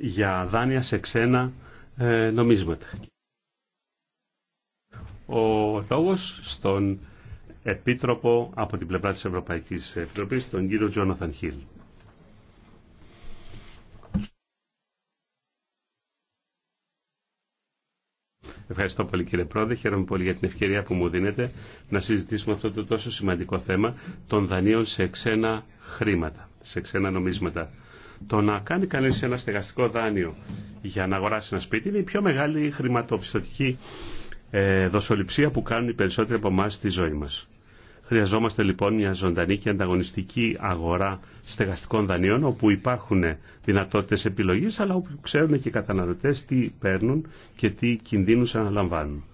για δάνεια σε ξένα ε, νομίσματα. Ο λόγος στον Επίτροπο από την πλευρά της Ευρωπαϊκής Επιτροπής, τον κύριο Τζόναθαν Χίλ. Ευχαριστώ πολύ κύριε Πρόεδρε. Χαίρομαι πολύ για την ευκαιρία που μου δίνετε να συζητήσουμε αυτό το τόσο σημαντικό θέμα των δανείων σε ξένα χρήματα, σε ξένα νομίσματα. Το να κάνει κανεί ένα στεγαστικό δάνειο για να αγοράσει ένα σπίτι είναι η πιο μεγάλη χρηματοπιστωτική ε, δοσοληψία που κάνουν οι περισσότεροι από εμά στη ζωή μα. Χρειαζόμαστε λοιπόν μια ζωντανή και ανταγωνιστική αγορά στεγαστικών δανείων όπου υπάρχουν δυνατότητες επιλογής αλλά όπου ξέρουν και οι καταναλωτές τι παίρνουν και τι κινδύνους αναλαμβάνουν.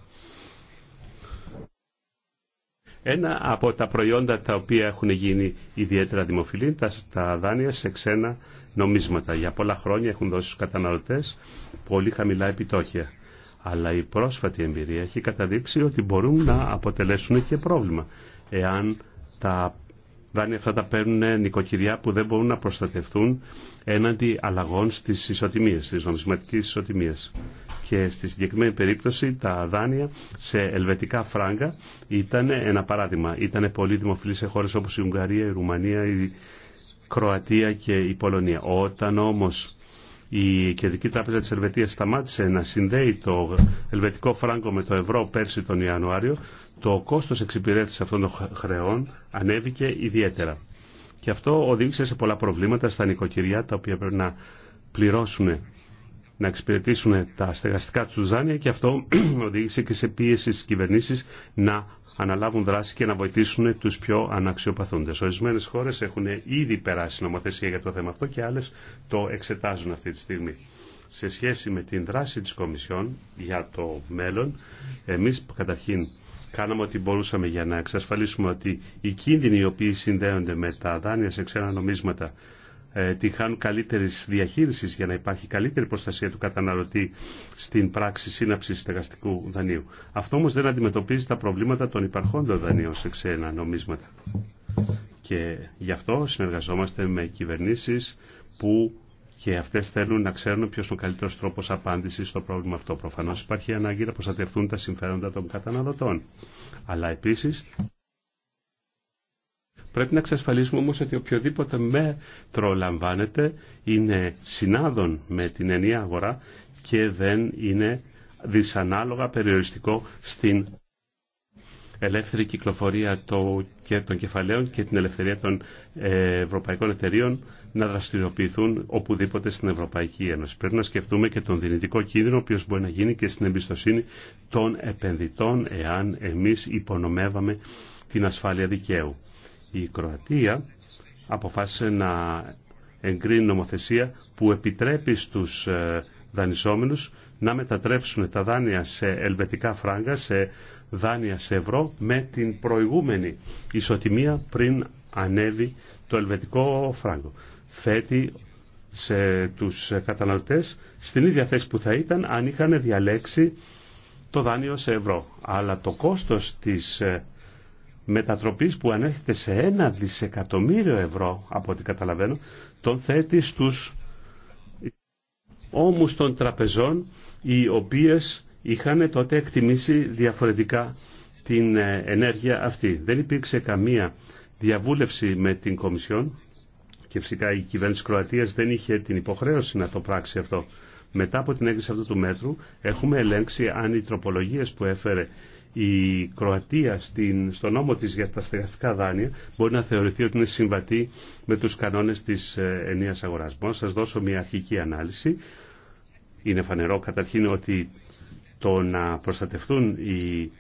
Ένα από τα προϊόντα τα οποία έχουν γίνει ιδιαίτερα δημοφιλή τα, τα δάνεια σε ξένα νομίσματα. Για πολλά χρόνια έχουν δώσει στους καταναλωτές πολύ χαμηλά επιτόκια. Αλλά η πρόσφατη εμπειρία έχει καταδείξει ότι μπορούν να αποτελέσουν και πρόβλημα. Εάν τα δάνεια αυτά τα παίρνουν νοικοκυριά που δεν μπορούν να προστατευτούν έναντι αλλαγών στις ισοτιμίες, στις νομισματικές ισοτιμίες. Και στη συγκεκριμένη περίπτωση τα δάνεια σε ελβετικά φράγκα ήταν ένα παράδειγμα. Ήταν πολύ δημοφιλή σε χώρες όπως η Ουγγαρία, η Ρουμανία, η Κροατία και η Πολωνία. Όταν όμως η Κεντρική Τράπεζα της Ελβετίας σταμάτησε να συνδέει το ελβετικό φράγκο με το ευρώ πέρσι τον Ιανουάριο, το κόστος εξυπηρέτησης αυτών των χρεών ανέβηκε ιδιαίτερα. Και αυτό οδήγησε σε πολλά προβλήματα στα νοικοκυριά τα οποία πρέπει να πληρώσουν να εξυπηρετήσουν τα στεγαστικά του δάνεια και αυτό οδήγησε και σε πίεση στι κυβερνήσει να αναλάβουν δράση και να βοηθήσουν του πιο αναξιοπαθούντε. Ορισμένε χώρε έχουν ήδη περάσει νομοθεσία για το θέμα αυτό και άλλε το εξετάζουν αυτή τη στιγμή. Σε σχέση με την δράση της Κομισιόν για το μέλλον, εμείς καταρχήν κάναμε ό,τι μπορούσαμε για να εξασφαλίσουμε ότι οι κίνδυνοι οι οποίοι συνδέονται με τα δάνεια σε ξένα νομίσματα ε, τη χάνουν καλύτερη διαχείριση για να υπάρχει καλύτερη προστασία του καταναλωτή στην πράξη σύναψη στεγαστικού δανείου. Αυτό όμω δεν αντιμετωπίζει τα προβλήματα των υπαρχόντων δανείων σε ξένα νομίσματα. Και γι' αυτό συνεργαζόμαστε με κυβερνήσει που και αυτέ θέλουν να ξέρουν ποιο είναι ο καλύτερο τρόπο απάντηση στο πρόβλημα αυτό. Προφανώ υπάρχει ανάγκη να προστατευτούν τα συμφέροντα των καταναλωτών. Αλλά επίση Πρέπει να εξασφαλίσουμε όμως ότι οποιοδήποτε μέτρο λαμβάνεται είναι συνάδων με την ενία αγορά και δεν είναι δυσανάλογα περιοριστικό στην ελεύθερη κυκλοφορία των κεφαλαίων και την ελευθερία των ε, ευρωπαϊκών εταιρείων να δραστηριοποιηθούν οπουδήποτε στην Ευρωπαϊκή Ένωση. Πρέπει να σκεφτούμε και τον δυνητικό κίνδυνο, ο οποίος μπορεί να γίνει και στην εμπιστοσύνη των επενδυτών, εάν εμείς υπονομεύαμε την ασφάλεια δικαίου η Κροατία αποφάσισε να εγκρίνει νομοθεσία που επιτρέπει στους ε, δανεισόμενους να μετατρέψουν τα δάνεια σε ελβετικά φράγκα, σε δάνεια σε ευρώ με την προηγούμενη ισοτιμία πριν ανέβει το ελβετικό φράγκο. Θέτει σε τους καταναλωτές στην ίδια θέση που θα ήταν αν είχαν διαλέξει το δάνειο σε ευρώ. Αλλά το κόστος της ε, μετατροπής που ανέρχεται σε ένα δισεκατομμύριο ευρώ, από ό,τι καταλαβαίνω, τον θέτει στους όμους των τραπεζών, οι οποίες είχαν τότε εκτιμήσει διαφορετικά την ε, ενέργεια αυτή. Δεν υπήρξε καμία διαβούλευση με την Κομισιόν και φυσικά η κυβέρνηση Κροατίας δεν είχε την υποχρέωση να το πράξει αυτό. Μετά από την έγκριση αυτού του μέτρου έχουμε ελέγξει αν οι τροπολογίες που έφερε η Κροατία στην, στο νόμο της για τα στεγαστικά δάνεια μπορεί να θεωρηθεί ότι είναι συμβατή με τους κανόνες της ε, ενίας αγοράς. Μπορώ να σας δώσω μια αρχική ανάλυση. Είναι φανερό καταρχήν ότι το να προστατευτούν οι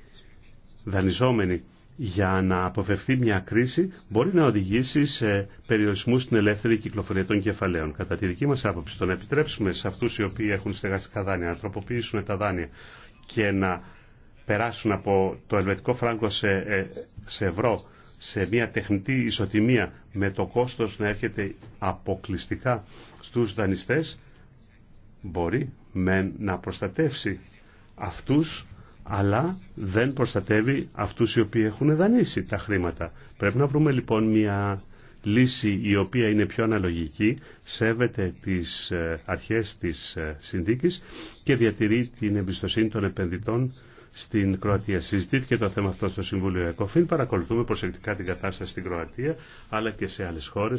δανειζόμενοι για να αποφευθεί μια κρίση μπορεί να οδηγήσει σε περιορισμού στην ελεύθερη κυκλοφορία των κεφαλαίων. Κατά τη δική μα άποψη, το να επιτρέψουμε σε αυτού οι οποίοι έχουν στεγαστικά δάνεια να τροποποιήσουν τα δάνεια και να περάσουν από το ελβετικό φράγκο σε, ε, σε ευρώ σε μια τεχνητή ισοτιμία με το κόστος να έρχεται αποκλειστικά στους δανειστές μπορεί με να προστατεύσει αυτούς αλλά δεν προστατεύει αυτούς οι οποίοι έχουν δανείσει τα χρήματα. Πρέπει να βρούμε λοιπόν μια λύση η οποία είναι πιο αναλογική, σέβεται τις ε, αρχές της ε, συνδίκης και διατηρεί την εμπιστοσύνη των επενδυτών στην Κροατία. Συζητήθηκε το θέμα αυτό στο Συμβούλιο ΕΚΟΦΗΝ. Παρακολουθούμε προσεκτικά την κατάσταση στην Κροατία αλλά και σε άλλε χώρε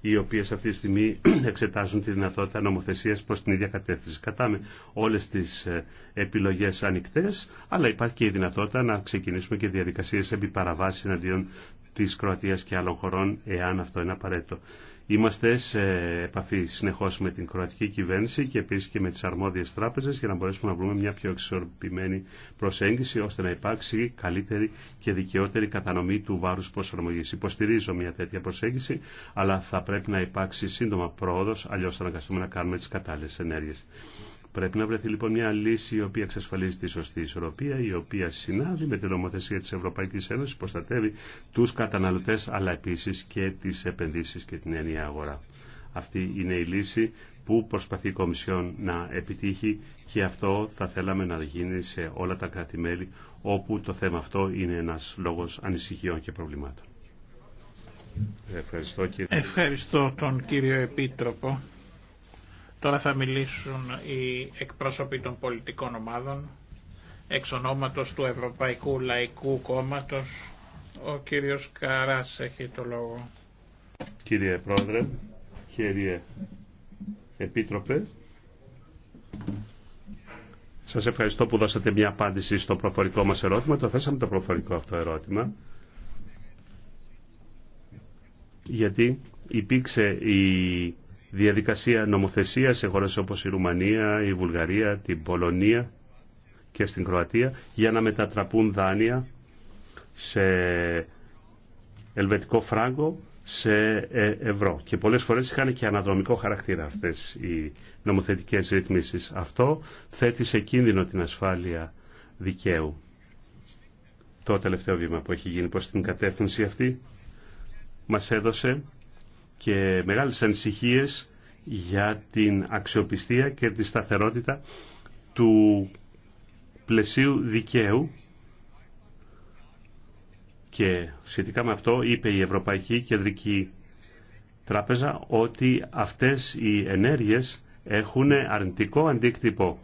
οι οποίε αυτή τη στιγμή εξετάζουν τη δυνατότητα νομοθεσία προ την ίδια κατεύθυνση. Κατάμε όλε τι ε, επιλογέ ανοιχτέ αλλά υπάρχει και η δυνατότητα να ξεκινήσουμε και διαδικασίε επί εναντίον τη Κροατία και άλλων χωρών εάν αυτό είναι απαραίτητο. Είμαστε σε επαφή συνεχώς με την κροατική κυβέρνηση και επίσης και με τις αρμόδιες τράπεζες για να μπορέσουμε να βρούμε μια πιο εξορπημένη προσέγγιση ώστε να υπάρξει καλύτερη και δικαιότερη κατανομή του βάρους προσαρμογής. Υποστηρίζω μια τέτοια προσέγγιση, αλλά θα πρέπει να υπάρξει σύντομα πρόοδος, αλλιώς θα αναγκαστούμε να κάνουμε τις κατάλληλες ενέργειες. Πρέπει να βρεθεί λοιπόν μια λύση η οποία εξασφαλίζει τη σωστή ισορροπία, η οποία συνάδει με την νομοθεσία της Ευρωπαϊκής Ένωσης, προστατεύει τους καταναλωτές αλλά επίσης και τις επενδύσεις και την ενιαία αγορά. Αυτή είναι η λύση που προσπαθεί η Κομισιόν να επιτύχει και αυτό θα θέλαμε να γίνει σε όλα τα κράτη-μέλη όπου το θέμα αυτό είναι ένας λόγος ανησυχιών και προβλημάτων. Ευχαριστώ, Ευχαριστώ τον κύριο Επίτροπο. Τώρα θα μιλήσουν οι εκπρόσωποι των πολιτικών ομάδων εξ ονόματος του Ευρωπαϊκού Λαϊκού Κόμματος. Ο κύριος Καράς έχει το λόγο. Κύριε Πρόεδρε, κύριε Επίτροπε, σας ευχαριστώ που δώσατε μια απάντηση στο προφορικό μας ερώτημα. Το θέσαμε το προφορικό αυτό ερώτημα γιατί υπήρξε η διαδικασία νομοθεσίας σε χώρες όπως η Ρουμανία, η Βουλγαρία, την Πολωνία και στην Κροατία για να μετατραπούν δάνεια σε ελβετικό φράγκο σε ε, ευρώ. Και πολλές φορές είχαν και αναδρομικό χαρακτήρα αυτές οι νομοθετικές ρυθμίσεις. Αυτό θέτει σε κίνδυνο την ασφάλεια δικαίου. Το τελευταίο βήμα που έχει γίνει προς την κατεύθυνση αυτή μας έδωσε και μεγάλες ανησυχίες για την αξιοπιστία και τη σταθερότητα του πλαισίου δικαίου και σχετικά με αυτό είπε η Ευρωπαϊκή Κεντρική Τράπεζα ότι αυτές οι ενέργειες έχουν αρνητικό αντίκτυπο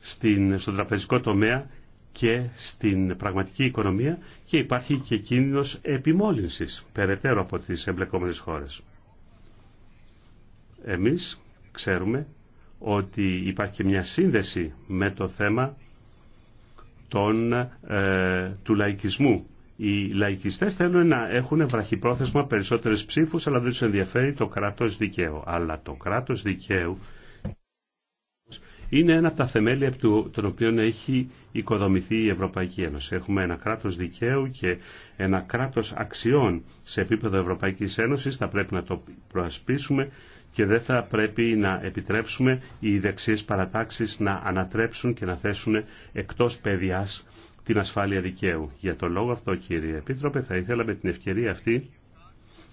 στην, στον τραπεζικό τομέα και στην πραγματική οικονομία και υπάρχει και κίνδυνος επιμόλυνσης περαιτέρω από τις εμπλεκόμενες χώρες. Εμείς ξέρουμε ότι υπάρχει μια σύνδεση με το θέμα των, ε, του λαϊκισμού. Οι λαϊκιστές θέλουν να έχουν βραχυπρόθεσμα περισσότερες ψήφους, αλλά δεν τους ενδιαφέρει το κράτος δικαίου. Αλλά το κράτος δικαίου είναι ένα από τα θεμέλια τον οποίο έχει οικοδομηθεί η Ευρωπαϊκή Ένωση. Έχουμε ένα κράτος δικαίου και ένα κράτος αξιών σε επίπεδο Ευρωπαϊκής Ένωσης. Θα πρέπει να το προασπίσουμε και δεν θα πρέπει να επιτρέψουμε οι δεξιές παρατάξεις να ανατρέψουν και να θέσουν εκτός παιδιάς την ασφάλεια δικαίου. Για τον λόγο αυτό κύριε Επίτροπε θα ήθελα με την ευκαιρία αυτή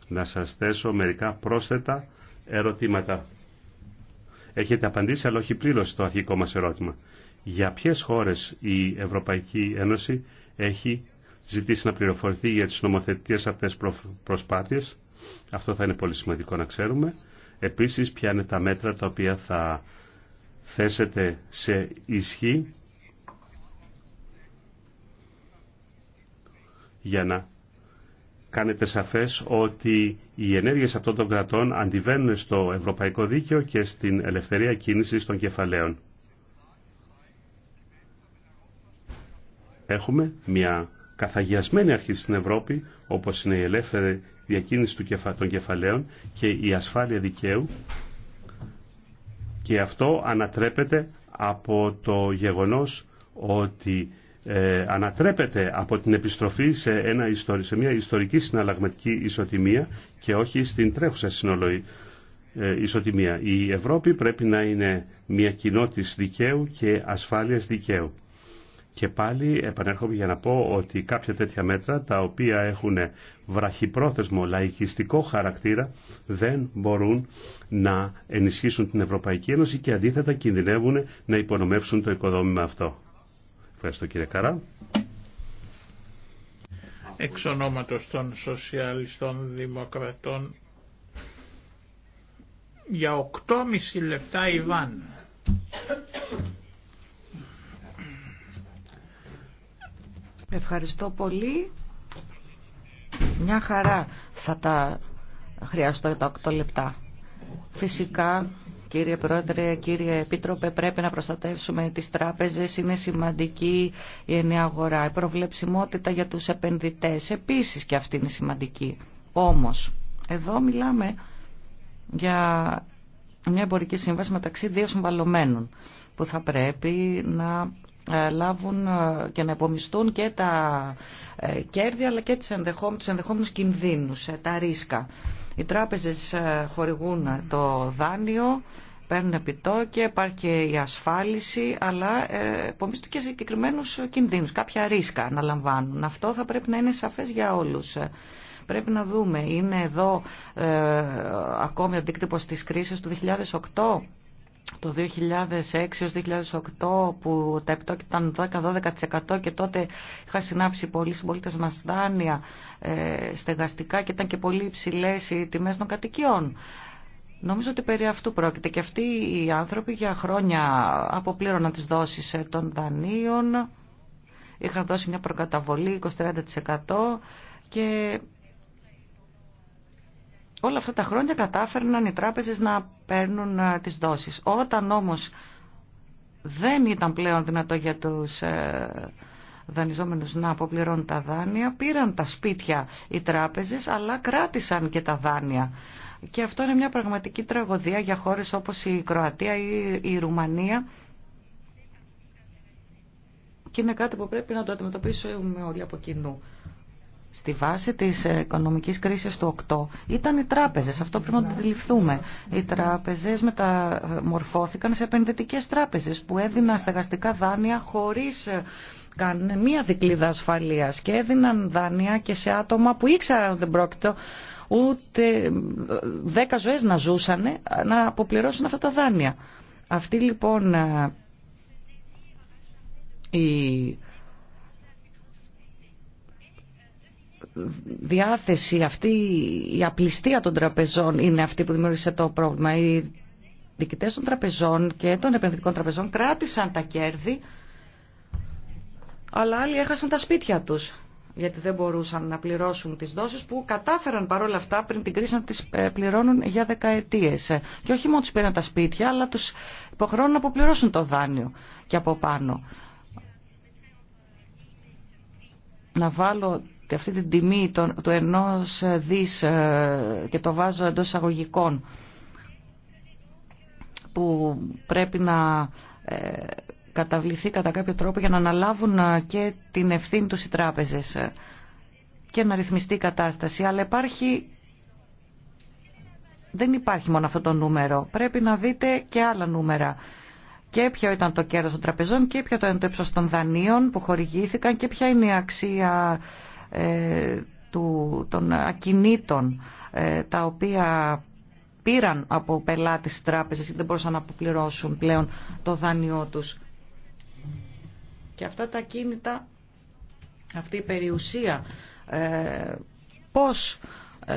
να σας θέσω μερικά πρόσθετα ερωτήματα. Έχετε απαντήσει αλλά όχι πλήρως το αρχικό μας ερώτημα. Για ποιες χώρες η Ευρωπαϊκή Ένωση έχει ζητήσει να πληροφορηθεί για τις νομοθετικές αυτές προσπάθειες. Αυτό θα είναι πολύ σημαντικό να ξέρουμε. Επίσης, ποια είναι τα μέτρα τα οποία θα θέσετε σε ισχύ για να κάνετε σαφές ότι οι ενέργειες αυτών των κρατών αντιβαίνουν στο ευρωπαϊκό δίκαιο και στην ελευθερία κίνησης των κεφαλαίων. Έχουμε μια καθαγιασμένη αρχή στην Ευρώπη, όπως είναι η ελεύθερη διακίνηση των κεφαλαίων και η ασφάλεια δικαίου και αυτό ανατρέπεται από το γεγονός ότι ε, ανατρέπεται από την επιστροφή σε, ένα, σε μια ιστορική συναλλαγματική ισοτιμία και όχι στην τρέχουσα συνολοή ε, ισοτιμία. Η Ευρώπη πρέπει να είναι μια κοινότητα δικαίου και ασφάλειας δικαίου. Και πάλι επανέρχομαι για να πω ότι κάποια τέτοια μέτρα τα οποία έχουν βραχυπρόθεσμο λαϊκιστικό χαρακτήρα δεν μπορούν να ενισχύσουν την Ευρωπαϊκή Ένωση και αντίθετα κινδυνεύουν να υπονομεύσουν το οικοδόμημα αυτό. Ευχαριστώ κύριε Καρά. Εξ ονόματος των Σοσιαλιστών Δημοκρατών για 8,5 λεπτά Ιβάν. Ευχαριστώ πολύ. Μια χαρά θα τα χρειαστώ τα 8 λεπτά. Φυσικά, κύριε Πρόεδρε, κύριε Επίτροπε, πρέπει να προστατεύσουμε τις τράπεζες. Είναι σημαντική η ενιαία αγορά, η προβλεψιμότητα για τους επενδυτές. Επίσης και αυτή είναι σημαντική. Όμως, εδώ μιλάμε για μια εμπορική σύμβαση μεταξύ δύο συμβαλωμένων που θα πρέπει να ε, λάβουν ε, και να επομιστούν και τα ε, κέρδη αλλά και τις ενδεχόμενου τους ενδεχόμενους κινδύνους, τα ρίσκα. Οι τράπεζες χορηγούν το δάνειο, παίρνουν επιτόκια, υπάρχει και η ασφάλιση, αλλά επομιστούν και συγκεκριμένους κινδύνους, κάποια ρίσκα να λαμβάνουν. Αυτό θα πρέπει να είναι σαφές για όλους. Πρέπει να δούμε, είναι εδώ ακόμη αντίκτυπος της κρίσης του 2008 το 2006 έως 2008 που τα επιτόκια ήταν 10-12% και τότε είχα συνάψει πολλοί συμπολίτε μας δάνεια ε, στεγαστικά και ήταν και πολύ υψηλέ οι τιμές των κατοικιών. Νομίζω ότι περί αυτού πρόκειται και αυτοί οι άνθρωποι για χρόνια αποπλήρωναν τις δόσεις ε, των δανείων, είχαν δώσει μια προκαταβολή 20-30% και όλα αυτά τα χρόνια κατάφερναν οι τράπεζες να παίρνουν ε, τις δόσεις. Όταν όμως δεν ήταν πλέον δυνατό για τους ε, δανειζόμενους να αποπληρώνουν τα δάνεια, πήραν τα σπίτια οι τράπεζες, αλλά κράτησαν και τα δάνεια. Και αυτό είναι μια πραγματική τραγωδία για χώρες όπως η Κροατία ή η Ρουμανία. Και είναι κάτι που πρέπει να το αντιμετωπίσουμε όλοι από κοινού. Στη βάση της οικονομικής κρίσης του 8 ήταν οι τράπεζες, αυτό πρέπει να το αντιληφθούμε. Οι τράπεζες μεταμορφώθηκαν σε επενδυτικές τράπεζες που έδιναν στεγαστικά δάνεια χωρίς καν μία δικλίδα ασφαλείας και έδιναν δάνεια και σε άτομα που ήξεραν ότι δεν πρόκειται ούτε δέκα ζωές να ζούσαν να αποπληρώσουν αυτά τα δάνεια. Αυτή λοιπόν η διάθεση, αυτή η απληστία των τραπεζών είναι αυτή που δημιούργησε το πρόβλημα. Οι διοικητές των τραπεζών και των επενδυτικών τραπεζών κράτησαν τα κέρδη, αλλά άλλοι έχασαν τα σπίτια τους γιατί δεν μπορούσαν να πληρώσουν τις δόσεις που κατάφεραν παρόλα αυτά πριν την κρίση να τις ε, πληρώνουν για δεκαετίες. Και όχι μόνο τους πήραν τα σπίτια, αλλά τους υποχρεώνουν να αποπληρώσουν το δάνειο και από πάνω. Να βάλω αυτή την τιμή του ενός ε, δις ε, και το βάζω εντός αγωγικών που πρέπει να ε, καταβληθεί κατά κάποιο τρόπο για να αναλάβουν και την ευθύνη τους οι τράπεζες και να ρυθμιστεί η κατάσταση. Αλλά υπάρχει... δεν υπάρχει μόνο αυτό το νούμερο. Πρέπει να δείτε και άλλα νούμερα. Και ποιο ήταν το κέρδος των τραπεζών και ποιο ήταν το ύψος των δανείων που χορηγήθηκαν και ποια είναι η αξία ε, του, των ακινήτων ε, τα οποία πήραν από πελάτες τράπεζες και δεν μπορούσαν να αποπληρώσουν πλέον το δάνειό τους. Και αυτά τα ακίνητα, αυτή η περιουσία, ε, πώς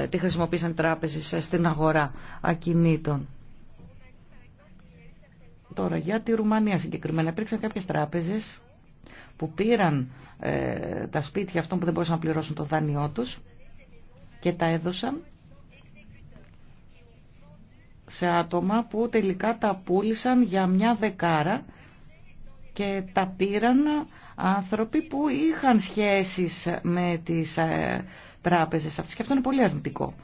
τη χρησιμοποίησαν τράπεζες στην αγορά ακινήτων. Τώρα για τη Ρουμανία συγκεκριμένα υπήρξαν κάποιες τράπεζες που πήραν ε, τα σπίτια αυτών που δεν μπορούσαν να πληρώσουν το δάνειό τους και τα έδωσαν σε άτομα που τελικά τα πούλησαν για μια δεκάρα και τα πήραν άνθρωποι που είχαν σχέσεις με τις ε, τράπεζες αυτές. Και αυτό είναι πολύ αρνητικό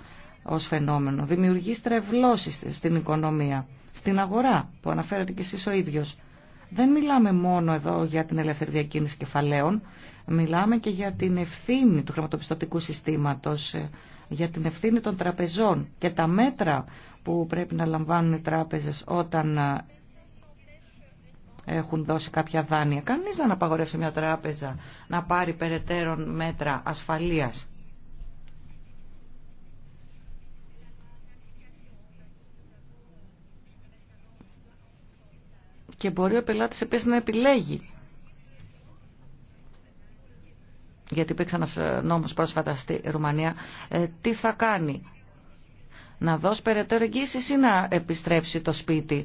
ως φαινόμενο. Δημιουργεί στρεβλώσεις στην οικονομία, στην αγορά που αναφέρατε και εσείς ο ίδιος. Δεν μιλάμε μόνο εδώ για την ελεύθερη διακίνηση κεφαλαίων, μιλάμε και για την ευθύνη του χρηματοπιστωτικού συστήματος, ε, για την ευθύνη των τραπεζών και τα μέτρα που πρέπει να λαμβάνουν οι τράπεζες όταν ε, έχουν δώσει κάποια δάνεια. Κανείς δεν απαγορεύσει μια τράπεζα να πάρει περαιτέρω μέτρα ασφαλείας. και μπορεί ο πελάτης επίσης να επιλέγει. Γιατί υπήρξε ένας ε, νόμος πρόσφατα στη Ρουμανία. Ε, τι θα κάνει. Να δώσει περαιτέρω εγγύηση ή να επιστρέψει το σπίτι.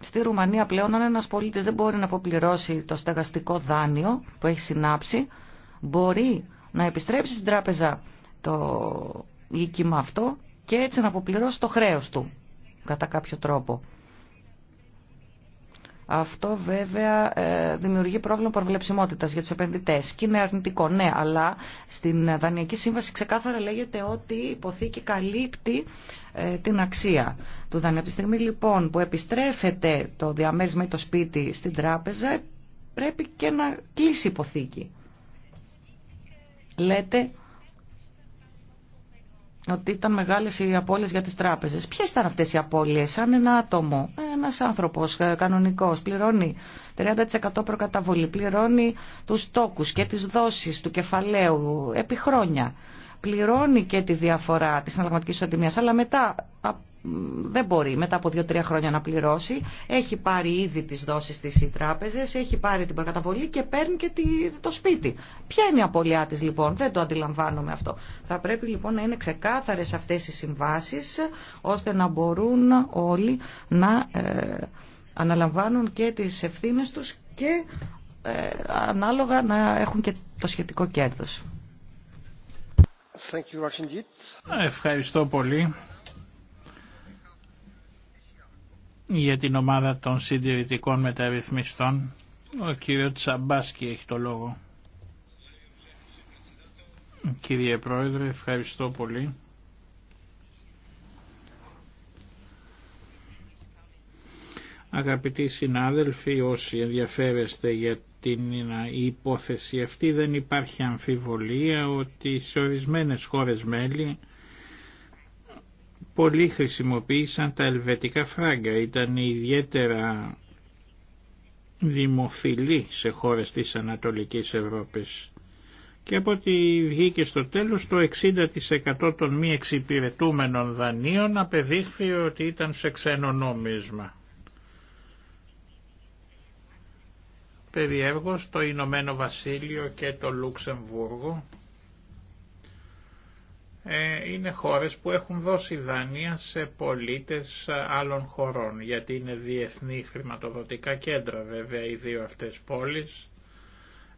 Στη Ρουμανία πλέον αν ένας πολίτης δεν μπορεί να αποπληρώσει το στεγαστικό δάνειο που έχει συνάψει, μπορεί να επιστρέψει στην τράπεζα το οίκημα αυτό και έτσι να αποπληρώσει το χρέος του κατά κάποιο τρόπο. Αυτό βέβαια ε, δημιουργεί πρόβλημα προβλεψιμότητας για τους επενδυτές και είναι αρνητικό, ναι, αλλά στην Δανειακή Σύμβαση ξεκάθαρα λέγεται ότι η υποθήκη καλύπτει ε, την αξία του δανείου. λοιπόν που επιστρέφεται το διαμέρισμα ή το σπίτι στην τράπεζα πρέπει και να κλείσει η υποθήκη. Λέτε ότι ήταν μεγάλες οι απώλειες για τις τράπεζες. Ποιες ήταν αυτές οι απώλειες, σαν ένα άτομο, ένας άνθρωπος ε, κανονικός, πληρώνει 30% προκαταβολή, πληρώνει τους τόκους και τις δόσεις του κεφαλαίου επί χρόνια, πληρώνει και τη διαφορά της συναλλαγματικής οντιμία, αλλά μετά δεν μπορεί μετά από 2-3 χρόνια να πληρώσει. Έχει πάρει ήδη τις δόσεις τη οι τράπεζες, έχει πάρει την προκαταβολή και παίρνει και το σπίτι. Ποια είναι η απολιά τη λοιπόν, δεν το αντιλαμβάνομαι αυτό. Θα πρέπει λοιπόν να είναι ξεκάθαρες αυτές οι συμβάσει, ώστε να μπορούν όλοι να ε, αναλαμβάνουν και τι ευθύνε του και ε, ανάλογα να έχουν και το σχετικό κέρδος. Ευχαριστώ πολύ. για την ομάδα των συντηρητικών μεταρρυθμιστών. Ο κύριο Τσαμπάσκι έχει το λόγο. Κύριε Πρόεδρε, ευχαριστώ πολύ. Αγαπητοί συνάδελφοι, όσοι ενδιαφέρεστε για την υπόθεση αυτή, δεν υπάρχει αμφιβολία ότι σε ορισμένες χώρες μέλη Πολλοί χρησιμοποίησαν τα ελβετικά φράγκα, ήταν ιδιαίτερα δημοφιλή σε χώρες της Ανατολικής Ευρώπης και από ότι βγήκε στο τέλος το 60% των μη εξυπηρετούμενων δανείων απεδείχθη ότι ήταν σε ξένο νόμισμα. Περιέργως το Ηνωμένο Βασίλειο και το Λουξεμβούργο ε, είναι χώρες που έχουν δώσει δάνεια σε πολίτες άλλων χωρών, γιατί είναι διεθνή χρηματοδοτικά κέντρα βέβαια οι δύο αυτές πόλεις.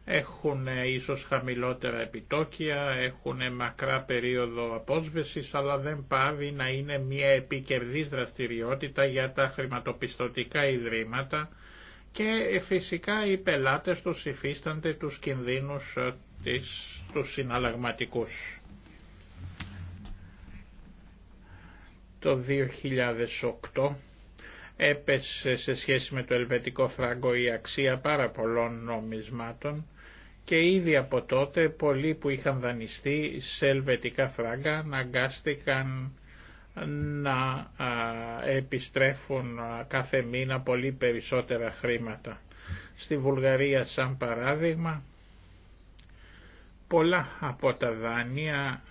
Έχουν ε, ίσως χαμηλότερα επιτόκια, έχουν ε, μακρά περίοδο απόσβεσης, αλλά δεν πάβει να είναι μια επικερδής δραστηριότητα για τα χρηματοπιστωτικά ιδρύματα και φυσικά οι πελάτες τους υφίστανται τους κινδύνους τους συναλλαγματικούς. Το 2008 έπεσε σε σχέση με το ελβετικό φράγκο η αξία πάρα πολλών νομισμάτων και ήδη από τότε πολλοί που είχαν δανειστεί σε ελβετικά φράγκα αναγκάστηκαν να επιστρέφουν κάθε μήνα πολύ περισσότερα χρήματα. Στη Βουλγαρία σαν παράδειγμα Πολλά από τα δάνεια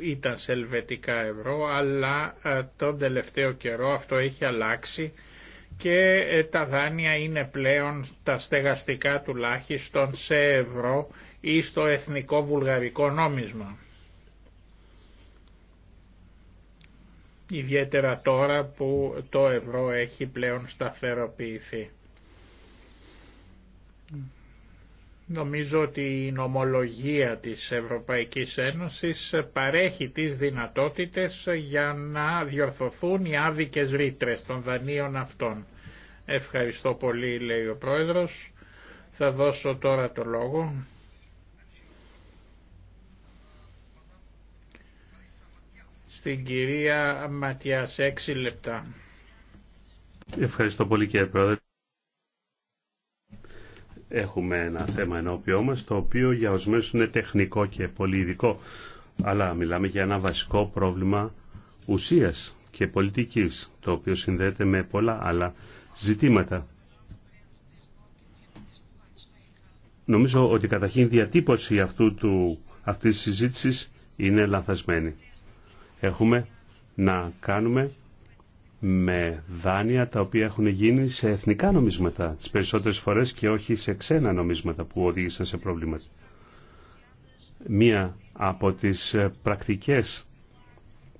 ήταν σε ελβετικά ευρώ, αλλά τον τελευταίο καιρό αυτό έχει αλλάξει και ε, τα δάνεια είναι πλέον τα στεγαστικά τουλάχιστον σε ευρώ ή στο εθνικό βουλγαρικό νόμισμα. Ιδιαίτερα τώρα που το ευρώ έχει πλέον σταθεροποιηθεί. Νομίζω ότι η νομολογία της Ευρωπαϊκής Ένωσης παρέχει τις δυνατότητες για να διορθωθούν οι άδικες ρήτρε των δανείων αυτών. Ευχαριστώ πολύ λέει ο Πρόεδρος. Θα δώσω τώρα το λόγο. Στην κυρία Ματιάς, έξι λεπτά. Ευχαριστώ πολύ κύριε Πρόεδρε έχουμε ένα θέμα ενώπιό μας το οποίο για ορισμένους είναι τεχνικό και πολύ ειδικό αλλά μιλάμε για ένα βασικό πρόβλημα ουσίας και πολιτικής το οποίο συνδέεται με πολλά άλλα ζητήματα. Νομίζω ότι καταρχήν η διατύπωση αυτού του, αυτής της συζήτησης είναι λαθασμένη. Έχουμε να κάνουμε με δάνεια τα οποία έχουν γίνει σε εθνικά νομίσματα τις περισσότερες φορές και όχι σε ξένα νομίσματα που οδήγησαν σε προβλήματα. Μία από τις ε, πρακτικές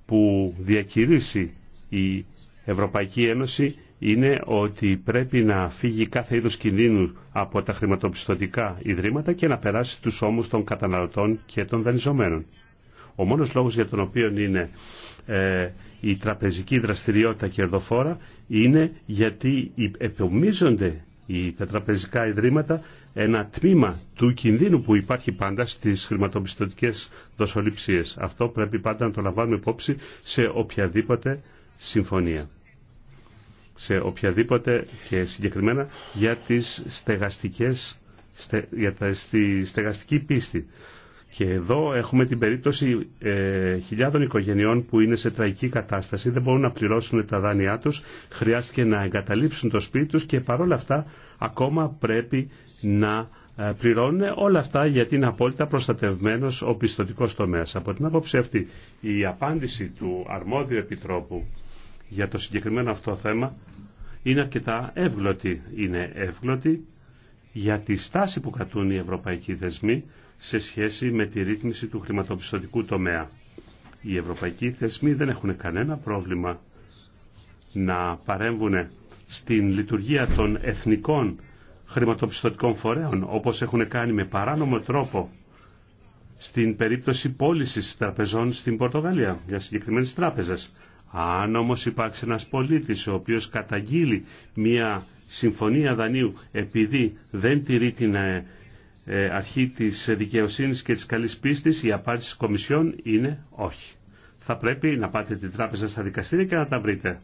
που διακηρύσει η Ευρωπαϊκή Ένωση είναι ότι πρέπει να φύγει κάθε είδος κινδύνου από τα χρηματοπιστωτικά ιδρύματα και να περάσει τους ώμους των καταναλωτών και των δανειζομένων. Ο μόνος λόγος για τον οποίο είναι ε, η τραπεζική δραστηριότητα κερδοφόρα είναι γιατί επομίζονται τα τραπεζικά ιδρύματα ένα τμήμα του κινδύνου που υπάρχει πάντα στις χρηματοπιστωτικές δοσοληψίες. Αυτό πρέπει πάντα να το λαμβάνουμε υπόψη σε οποιαδήποτε συμφωνία. Σε οποιαδήποτε και συγκεκριμένα για τις στεγαστικές για τη στεγαστική πίστη. Και εδώ έχουμε την περίπτωση ε, χιλιάδων οικογενειών που είναι σε τραγική κατάσταση, δεν μπορούν να πληρώσουν τα δάνειά τους, χρειάστηκε να εγκαταλείψουν το σπίτι τους και παρόλα αυτά ακόμα πρέπει να ε, πληρώνουν όλα αυτά γιατί είναι απόλυτα προστατευμένος ο πιστοτικός τομέας. Από την άποψη αυτή η απάντηση του αρμόδιου επιτρόπου για το συγκεκριμένο αυτό θέμα είναι αρκετά εύγλωτη. Είναι εύγλωτη για τη στάση που κατούν οι ευρωπαϊκοί δεσμοί σε σχέση με τη ρύθμιση του χρηματοπιστωτικού τομέα. Οι ευρωπαϊκοί θεσμοί δεν έχουν κανένα πρόβλημα να παρέμβουν στην λειτουργία των εθνικών χρηματοπιστωτικών φορέων, όπως έχουν κάνει με παράνομο τρόπο στην περίπτωση πώληση τραπεζών στην Πορτογαλία, για συγκεκριμένες τράπεζες. Αν όμω υπάρξει ένα πολίτη ο οποίο καταγγείλει μια συμφωνία δανείου επειδή δεν τηρεί την ε, ε, αρχή της δικαιοσύνης και της καλής πίστης, η απάντηση της Κομισιόν είναι όχι. Θα πρέπει να πάτε την τράπεζα στα δικαστήρια και να τα βρείτε.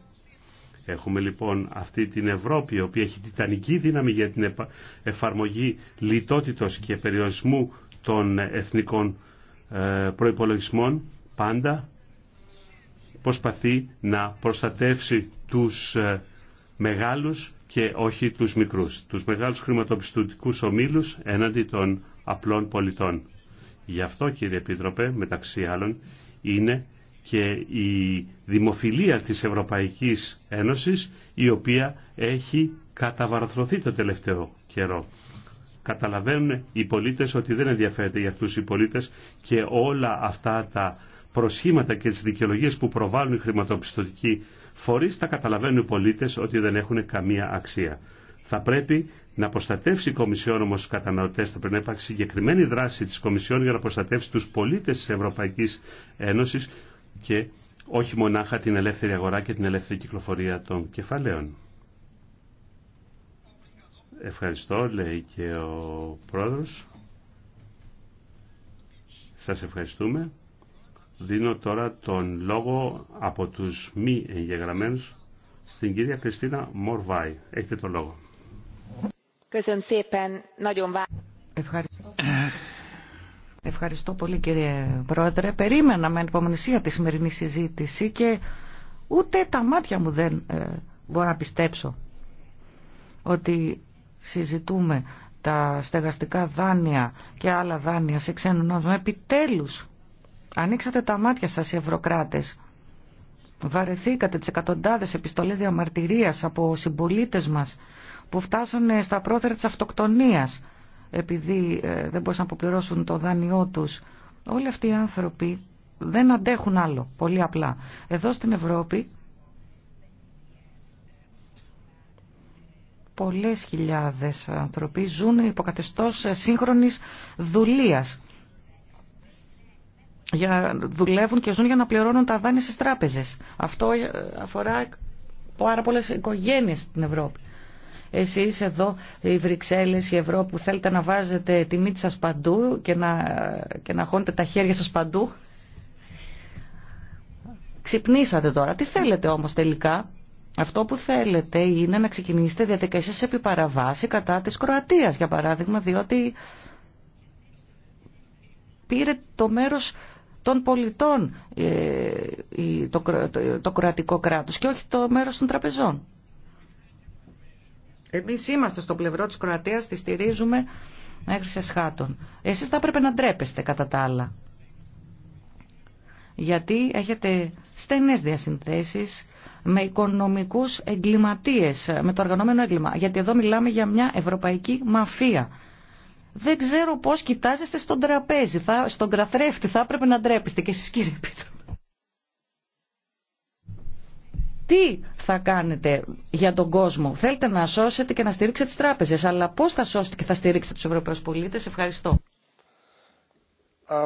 Έχουμε λοιπόν αυτή την Ευρώπη, η οποία έχει τιτανική δύναμη για την εφαρμογή λιτότητος και περιορισμού των εθνικών ε, προϋπολογισμών, πάντα προσπαθεί να προστατεύσει τους ε, μεγάλους και όχι τους μικρούς, τους μεγάλους χρηματοπιστωτικούς ομίλους έναντι των απλών πολιτών. Γι' αυτό κύριε Επίτροπε, μεταξύ άλλων, είναι και η δημοφιλία της Ευρωπαϊκής Ένωσης η οποία έχει καταβαρθρωθεί το τελευταίο καιρό. Καταλαβαίνουν οι πολίτες ότι δεν ενδιαφέρεται για αυτούς οι πολίτες και όλα αυτά τα προσχήματα και τις δικαιολογίες που προβάλλουν οι χρηματοπιστωτικοί φορείς θα καταλαβαίνουν οι πολίτες ότι δεν έχουν καμία αξία. Θα πρέπει να προστατεύσει η Κομισιόν όμως του καταναλωτέ. Θα πρέπει να υπάρξει συγκεκριμένη δράση της Κομισιόν για να προστατεύσει τους πολίτες της Ευρωπαϊκής Ένωσης και όχι μονάχα την ελεύθερη αγορά και την ελεύθερη κυκλοφορία των κεφαλαίων. Ευχαριστώ, λέει και ο πρόεδρος. Σας ευχαριστούμε. Δίνω τώρα τον λόγο από τους μη εγγεγραμμένους στην κυρία Κριστίνα Μορβάη. Έχετε τον λόγο. Ευχαριστώ. πολύ κύριε Πρόεδρε. Περίμενα με ανυπομονησία τη σημερινή συζήτηση και ούτε τα μάτια μου δεν ε, μπορώ να πιστέψω ότι συζητούμε τα στεγαστικά δάνεια και άλλα δάνεια σε ξένο νόμο επιτέλους Ανοίξατε τα μάτια σας οι ευρωκράτες. Βαρεθήκατε τις εκατοντάδες επιστολές διαμαρτυρίας από συμπολίτες μας που φτάσανε στα πρόθερα της αυτοκτονίας επειδή ε, δεν μπορούσαν να αποπληρώσουν το δάνειό τους. Όλοι αυτοί οι άνθρωποι δεν αντέχουν άλλο, πολύ απλά. Εδώ στην Ευρώπη πολλές χιλιάδες άνθρωποι ζουν υποκαθεστώς σύγχρονης δουλείας για, δουλεύουν και ζουν για να πληρώνουν τα δάνεια στις τράπεζες. Αυτό ε, αφορά πάρα πολλές οικογένειες στην Ευρώπη. Εσείς εδώ, οι Βρυξέλλες, η Ευρώπη που θέλετε να βάζετε τη μύτη σας παντού και να, και να χώνετε τα χέρια σας παντού. Ξυπνήσατε τώρα. Τι θέλετε όμως τελικά. Αυτό που θέλετε είναι να ξεκινήσετε διαδικασίες επί παραβάση κατά της Κροατίας, για παράδειγμα, διότι πήρε το μέρος των πολιτών ε, το κρατικό κράτος και όχι το μέρος των τραπεζών. Εμείς είμαστε στο πλευρό της Κροατίας, τη στηρίζουμε μέχρι σε σχάτων. Εσείς θα έπρεπε να ντρέπεστε κατά τα άλλα. Γιατί έχετε στενές διασυνθέσεις με οικονομικούς εγκληματίες, με το οργανωμένο έγκλημα. Γιατί εδώ μιλάμε για μια ευρωπαϊκή μαφία δεν ξέρω πώ κοιτάζεστε στον τραπέζι, στον καθρέφτη, θα έπρεπε να ντρέπεστε και εσεί, κύριε Επίτροπε. Τι θα κάνετε για τον κόσμο. Θέλετε να σώσετε και να στηρίξετε τι τράπεζε, αλλά πώ θα σώσετε και θα στηρίξετε του Ευρωπαίου πολίτε. Ευχαριστώ. Ε,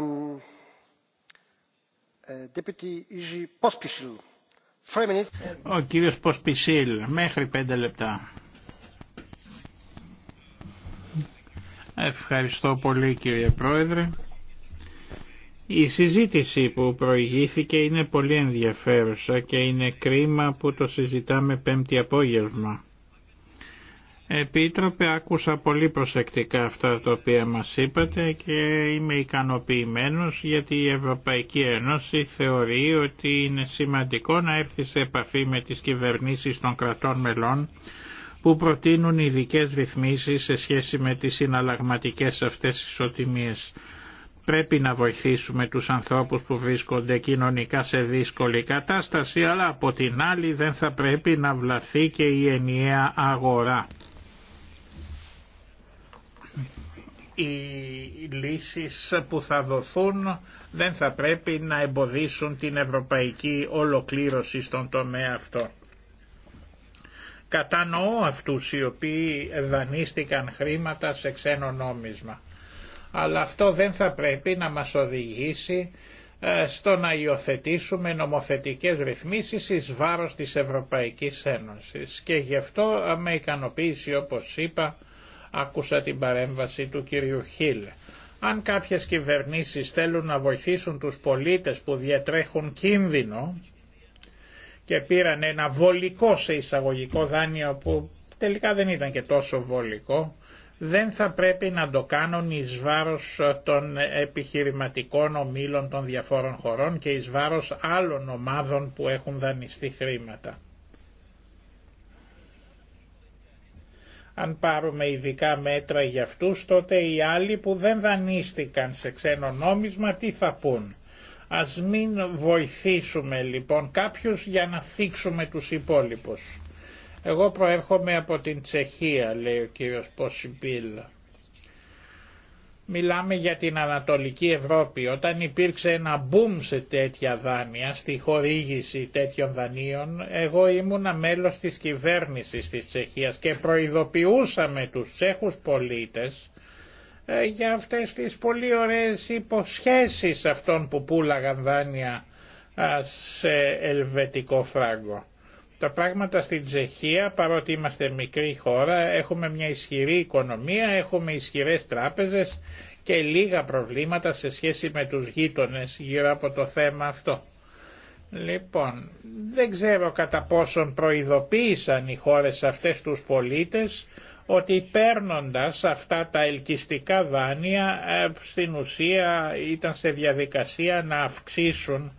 Ο κύριος Ποσπισίλ, μέχρι πέντε λεπτά. Ευχαριστώ πολύ κύριε Πρόεδρε. Η συζήτηση που προηγήθηκε είναι πολύ ενδιαφέρουσα και είναι κρίμα που το συζητάμε πέμπτη απόγευμα. Επίτροπε, άκουσα πολύ προσεκτικά αυτά τα οποία μας είπατε και είμαι ικανοποιημένος γιατί η Ευρωπαϊκή Ένωση θεωρεί ότι είναι σημαντικό να έρθει σε επαφή με τις κυβερνήσεις των κρατών μελών που προτείνουν ειδικέ ρυθμίσεις σε σχέση με τις συναλλαγματικές αυτές ισοτιμίες. Πρέπει να βοηθήσουμε τους ανθρώπους που βρίσκονται κοινωνικά σε δύσκολη κατάσταση, αλλά από την άλλη δεν θα πρέπει να βλαθεί και η ενιαία αγορά. Οι λύσεις που θα δοθούν δεν θα πρέπει να εμποδίσουν την ευρωπαϊκή ολοκλήρωση στον τομέα αυτό. Κατανοώ αυτούς οι οποίοι δανείστηκαν χρήματα σε ξένο νόμισμα. Αλλά αυτό δεν θα πρέπει να μας οδηγήσει ε, στο να υιοθετήσουμε νομοθετικές ρυθμίσεις εις βάρος της Ευρωπαϊκής Ένωσης. Και γι' αυτό ε, με ικανοποίηση όπως είπα άκουσα την παρέμβαση του κυρίου Χίλ. Αν κάποιες κυβερνήσεις θέλουν να βοηθήσουν τους πολίτες που διατρέχουν κίνδυνο και πήραν ένα βολικό σε εισαγωγικό δάνειο που τελικά δεν ήταν και τόσο βολικό, δεν θα πρέπει να το κάνουν εις βάρος ε, των επιχειρηματικών ομίλων των διαφόρων χωρών και εις βάρος άλλων ομάδων που έχουν δανειστεί χρήματα. Αν πάρουμε ειδικά μέτρα για αυτούς, τότε οι άλλοι που δεν δανείστηκαν σε ξένο νόμισμα τι θα πούν. Ας μην βοηθήσουμε λοιπόν κάποιους για να θίξουμε τους υπόλοιπους. Εγώ προέρχομαι από την Τσεχία, λέει ο κύριος Ποσιμπίλα. Μιλάμε για την Ανατολική Ευρώπη. Όταν υπήρξε ένα μπούμ σε τέτοια δάνεια, στη χορήγηση τέτοιων δανείων, εγώ ήμουνα μέλος της κυβέρνησης της Τσεχίας και προειδοποιούσαμε τους Τσέχους πολίτες ε, για αυτές τις πολύ ωραίες υποσχέσεις αυτών που πουλάγαν δάνεια σε ελβετικό φράγκο. Τα πράγματα στην Τσεχία, παρότι είμαστε μικρή χώρα, έχουμε μια ισχυρή οικονομία, έχουμε ισχυρές τράπεζες και λίγα προβλήματα σε σχέση με τους γείτονες γύρω από το θέμα αυτό. Λοιπόν, δεν ξέρω κατά πόσον προειδοποίησαν οι χώρες αυτές τους πολίτες ότι παίρνοντας αυτά τα ελκυστικά δάνεια ε, στην ουσία ήταν σε διαδικασία να αυξήσουν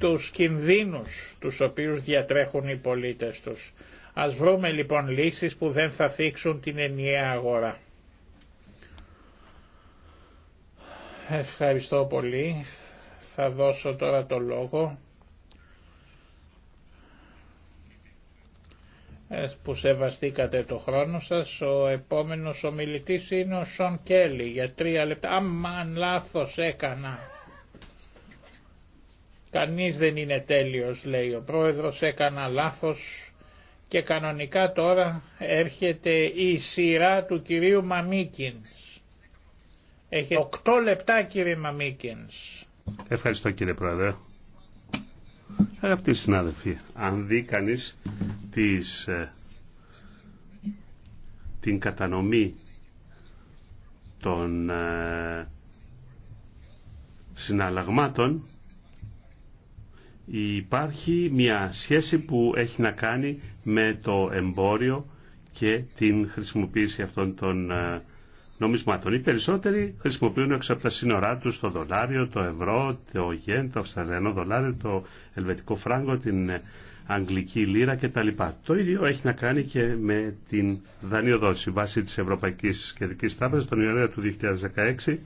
τους κινδύνους τους οποίους διατρέχουν οι πολίτες τους. Ας βρούμε λοιπόν λύσεις που δεν θα θίξουν την ενιαία αγορά. Ευχαριστώ πολύ. Θα δώσω τώρα το λόγο που σεβαστήκατε το χρόνο σας. Ο επόμενος ομιλητής είναι ο Σον Κέλλη για τρία λεπτά. Αμάν λάθος έκανα. Κανείς δεν είναι τέλειος λέει ο πρόεδρος, έκανα λάθος και κανονικά τώρα έρχεται η σειρά του κυρίου Μαμίκινς. Έχει οκτώ λεπτά κύριε Μαμίκινς. Ευχαριστώ κύριε πρόεδρε. Αγαπητοί συνάδελφοι, αν δει κανεί ε, την κατανομή των ε, συναλλαγμάτων υπάρχει μια σχέση που έχει να κάνει με το εμπόριο και την χρησιμοποίηση αυτών των ε, νομισμάτων. Οι περισσότεροι χρησιμοποιούν έξω από τα σύνορά του το δολάριο, το ευρώ, το γεν, το αυστραλιανό δολάριο, το ελβετικό φράγκο, την αγγλική λίρα κτλ. Το ίδιο έχει να κάνει και με την δανειοδότηση βάσει της Ευρωπαϊκής Κεντρικής Τράπεζας τον Ιανουάριο του 2016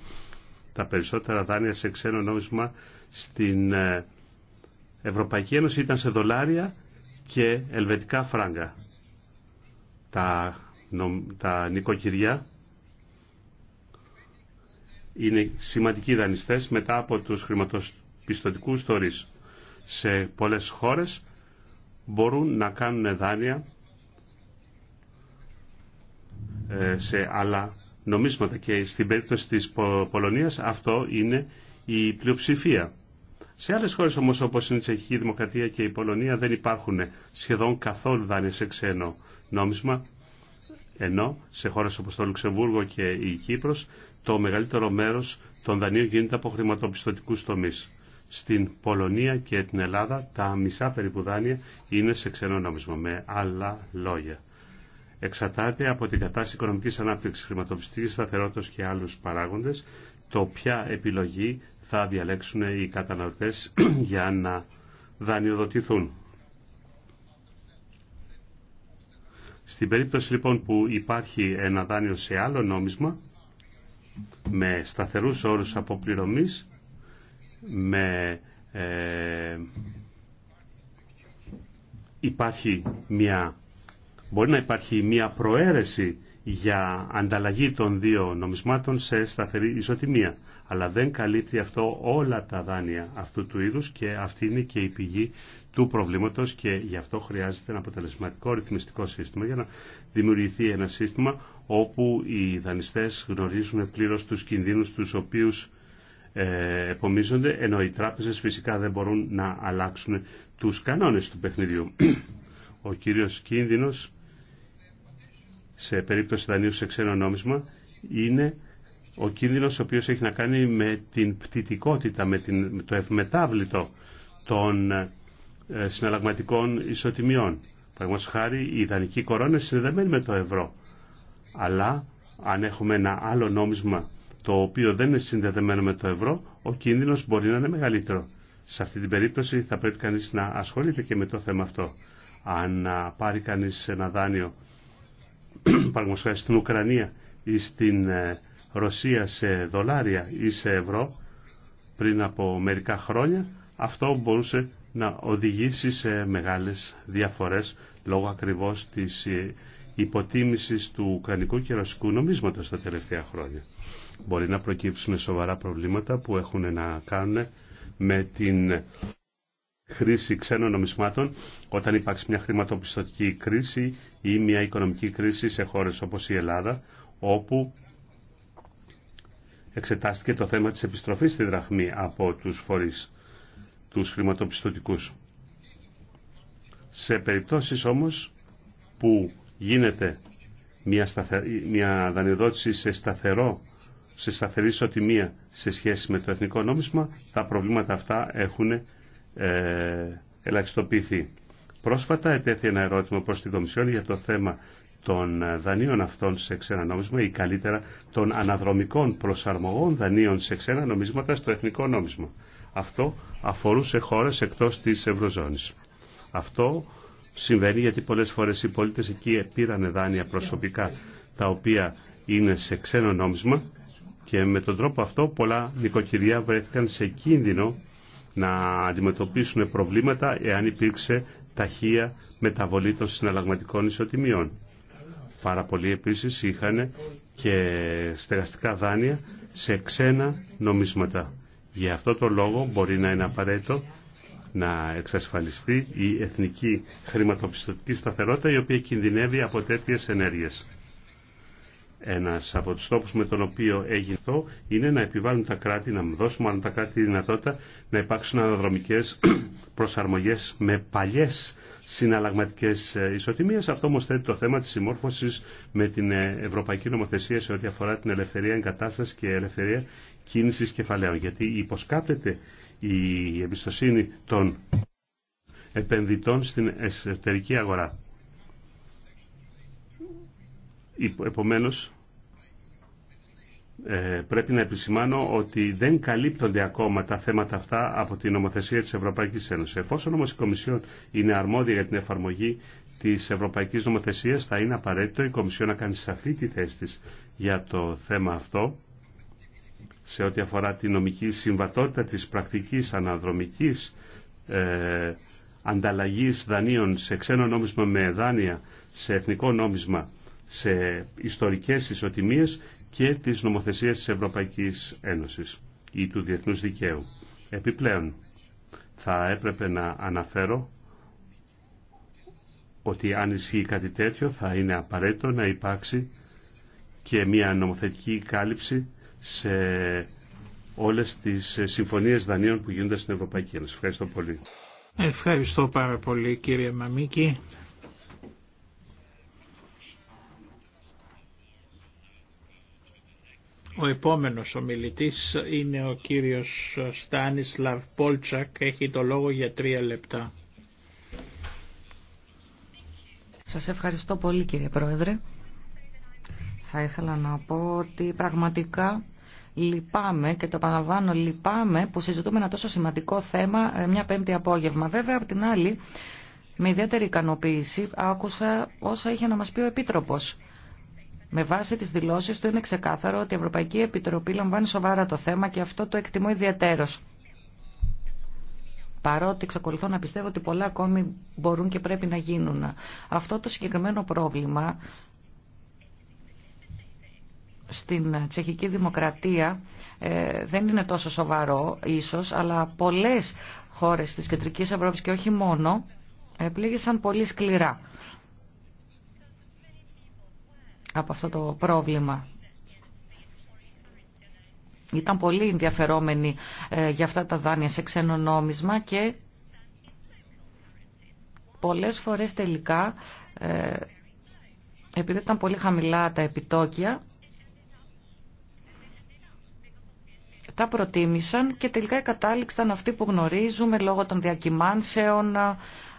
τα περισσότερα δάνεια σε ξένο νόμισμα στην ε, Ευρωπαϊκή Ένωση ήταν σε δολάρια και ελβετικά φράγκα. Τα, τα νοικοκυριά είναι σημαντικοί δανειστές μετά από τους χρηματοπιστωτικούς τορί Σε πολλές χώρες μπορούν να κάνουν δάνεια ε, σε άλλα νομίσματα και στην περίπτωση της Πολωνίας αυτό είναι η πλειοψηφία. Σε άλλες χώρες όμως όπως είναι η Τσεχική Δημοκρατία και η Πολωνία δεν υπάρχουν σχεδόν καθόλου δάνεια σε ξένο νόμισμα ενώ σε χώρες όπως το Λουξεμβούργο και η Κύπρος το μεγαλύτερο μέρος των δανείων γίνεται από χρηματοπιστωτικούς τομείς. Στην Πολωνία και την Ελλάδα τα μισά περίπου δάνεια είναι σε ξένο νόμισμα, με άλλα λόγια. Εξαρτάται από την κατάσταση οικονομικής ανάπτυξης, χρηματοπιστικής σταθερότητας και άλλους παράγοντες, το ποια επιλογή θα διαλέξουν οι καταναλωτές για να δανειοδοτηθούν. Στην περίπτωση λοιπόν που υπάρχει ένα δάνειο σε άλλο νόμισμα, με σταθερούς όρους αποπληρωμής, με ε, υπάρχει μια, μπορεί να υπάρχει μια προαίρεση για ανταλλαγή των δύο νομισμάτων σε σταθερή ισοτιμία. Αλλά δεν καλύπτει αυτό όλα τα δάνεια αυτού του είδους και αυτή είναι και η πηγή του προβλήματος και γι' αυτό χρειάζεται ένα αποτελεσματικό ρυθμιστικό σύστημα για να δημιουργηθεί ένα σύστημα όπου οι δανειστές γνωρίζουν πλήρως τους κινδύνους τους οποίους ε, επομίζονται ενώ οι τράπεζες φυσικά δεν μπορούν να αλλάξουν τους κανόνες του παιχνιδιού. Ο κύριος κίνδυνος σε περίπτωση δανείου σε ξένο νόμισμα είναι ο κίνδυνος ο οποίος έχει να κάνει με την πτητικότητα, με, την, το ευμετάβλητο των ε, συναλλαγματικών ισοτιμιών. Παραδείγματος χάρη η ιδανική κορώνα είναι συνδεδεμένη με το ευρώ. Αλλά αν έχουμε ένα άλλο νόμισμα το οποίο δεν είναι συνδεδεμένο με το ευρώ, ο κίνδυνος μπορεί να είναι μεγαλύτερο. Σε αυτή την περίπτωση θα πρέπει κανείς να ασχολείται και με το θέμα αυτό. Αν πάρει κανείς ένα δάνειο παραγωγικά στην Ουκρανία ή στην ε, Ρωσία σε δολάρια ή σε ευρώ πριν από μερικά χρόνια, αυτό μπορούσε να οδηγήσει σε μεγάλες διαφορές λόγω ακριβώς της ε, υποτίμησης του ουκρανικού και ρωσικού νομίσματος τα τελευταία χρόνια. Μπορεί να προκύψουν σοβαρά προβλήματα που έχουν να κάνουν με την χρήση ξένων νομισμάτων όταν υπάρξει μια χρηματοπιστωτική κρίση ή μια οικονομική κρίση σε χώρες όπως η Ελλάδα όπου εξετάστηκε το θέμα της επιστροφής στη δραχμή από τους φορείς τους χρηματοπιστωτικούς. Σε περιπτώσεις όμως που γίνεται μια, μια δανειοδότηση σε σταθερό σε σταθερή ισοτιμία σε σχέση με το εθνικό νόμισμα, τα προβλήματα αυτά έχουν ε, ελαχιστοποιηθεί. Πρόσφατα ετέθη ένα ερώτημα προς την Κομισιόν για το θέμα των ε, δανείων αυτών σε ξένα νόμισμα ή καλύτερα των αναδρομικών προσαρμογών δανείων σε ξένα νομίσματα στο εθνικό νόμισμα. Αυτό αφορούσε χώρες εκτός της Ευρωζώνης. Αυτό συμβαίνει γιατί πολλές φορές οι πολίτες εκεί πήραν δάνεια προσωπικά τα οποία είναι σε ξένο νόμισμα και με τον τρόπο αυτό πολλά νοικοκυριά βρέθηκαν σε κίνδυνο να αντιμετωπίσουν προβλήματα εάν υπήρξε ταχεία μεταβολή των συναλλαγματικών ισοτιμιών. Πάρα πολλοί επίσης είχαν και στεγαστικά δάνεια σε ξένα νομίσματα. Για αυτό το λόγο μπορεί να είναι απαραίτητο να εξασφαλιστεί η εθνική χρηματοπιστωτική σταθερότητα η οποία κινδυνεύει από τέτοιες ενέργειες. Ένας από τους με τον οποίο έγινε αυτό είναι να επιβάλλουν τα κράτη, να δώσουν μάλλον τα κράτη δυνατότητα να υπάρξουν αναδρομικές προσαρμογές με παλιές συναλλαγματικές ε, ισοτιμίες. Αυτό όμως θέτει το θέμα της συμμόρφωσης με την ε, Ευρωπαϊκή Νομοθεσία σε ό,τι αφορά την ελευθερία εγκατάσταση και ελευθερία κίνησης κεφαλαίων. Γιατί υποσκάπτεται η εμπιστοσύνη των επενδυτών στην εσωτερική αγορά. Επομένως, ε, πρέπει να επισημάνω ότι δεν καλύπτονται ακόμα τα θέματα αυτά από την νομοθεσία της Ευρωπαϊκής Ένωσης. Εφόσον όμως η Κομισιόν είναι αρμόδια για την εφαρμογή της Ευρωπαϊκής Νομοθεσίας θα είναι απαραίτητο η Κομισιόν να κάνει σαφή τη θέση της για το θέμα αυτό σε ό,τι αφορά τη νομική συμβατότητα της πρακτικής αναδρομικής ε, ανταλλαγής δανείων σε ξένο νόμισμα με δάνεια σε εθνικό νόμισμα σε ιστορικές ισοτιμίες και της νομοθεσίας της Ευρωπαϊκής Ένωσης ή του διεθνούς δικαίου. Επιπλέον, θα έπρεπε να αναφέρω ότι αν ισχύει κάτι τέτοιο θα είναι απαραίτητο να υπάρξει και μια νομοθετική κάλυψη σε όλες τις συμφωνίες δανείων που γίνονται στην Ευρωπαϊκή Ένωση. Ευχαριστώ πολύ. Ευχαριστώ πάρα πολύ κύριε Μαμίκη. Ο επόμενος ομιλητής είναι ο κύριος Στάνισλαβ Πόλτσακ, έχει το λόγο για τρία λεπτά. Σας ευχαριστώ πολύ κύριε Πρόεδρε. Θα ήθελα να πω ότι πραγματικά λυπάμαι και το παραλαμβάνω λυπάμαι που συζητούμε ένα τόσο σημαντικό θέμα ε, μια πέμπτη απόγευμα. Βέβαια από την άλλη με ιδιαίτερη ικανοποίηση άκουσα όσα είχε να μας πει ο Επίτροπος με βάση τις δηλώσεις του είναι ξεκάθαρο ότι η Ευρωπαϊκή Επιτροπή λαμβάνει σοβαρά το θέμα και αυτό το εκτιμώ ιδιαίτερος. Παρότι εξακολουθώ να πιστεύω ότι πολλά ακόμη μπορούν και πρέπει να γίνουν. Αυτό το συγκεκριμένο πρόβλημα στην τσεχική δημοκρατία ε, δεν είναι τόσο σοβαρό ίσως, αλλά πολλές χώρες της κεντρικής Ευρώπης και όχι μόνο, ε, πλήγησαν πολύ σκληρά από αυτό το πρόβλημα. Ήταν πολύ ενδιαφερόμενοι ε, για αυτά τα δάνεια σε ξένο και πολλές φορές τελικά, ε, επειδή ήταν πολύ χαμηλά τα επιτόκια, τα προτίμησαν και τελικά κατάληξαν αυτοί που γνωρίζουμε λόγω των διακυμάνσεων,